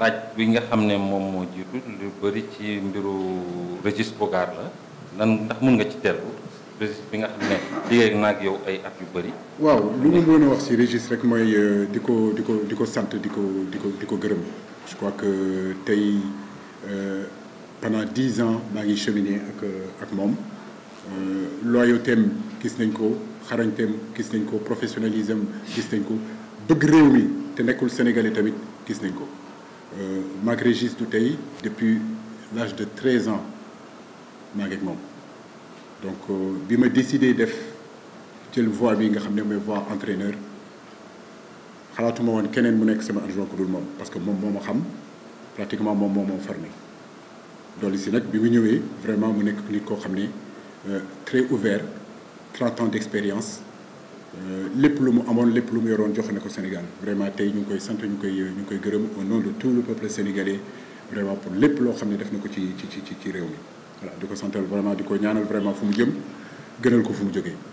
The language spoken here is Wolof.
laaj bi nga xam ne moom moo jiitu lu bëri ci mbiru Régis Bogaar la nan ndax mun nga ci dellu Régis bi nga xam ne liggéey naag yow ay at yu bëri. waaw lu ma mën a wax si Régis rek mooy euh, di ko di ko di ko sant di ko di ko di ko gërëm je crois que tey euh, pendant dix ans maa ngi cheminer ak euh, ak moom loyautéem gis nañ ko xarañteem gis nañ ko professionnalisme gis nañ ko bëgg réew mi te nekkul sénégalais tamit gis nañ ko. Je suis du depuis l'âge de 13 ans Donc, je me suis donc bi ma décidé def me voie bi nga ne sais pas entraîneur je suis keneen mu nekk sama adjoint ku dul parce que je suis pratiquement mon moo formé Donc, si je bi vraiment euh, très ouvert 30 ans d'expérience euh, lépp lu mu amoon lépp lu mu yoroon jox na ko Sénégal vraiment tey ñu ngi koy sant ñu koy ñu koy gërëm au nom de tout le peuple sénégalais vraiment pour lépp loo xam ne def na ko ci ci ci ci réew mi voilà di ko santal vraiment di ko ñaanal vraiment fu mu jëm gënal ko fu mu jógee.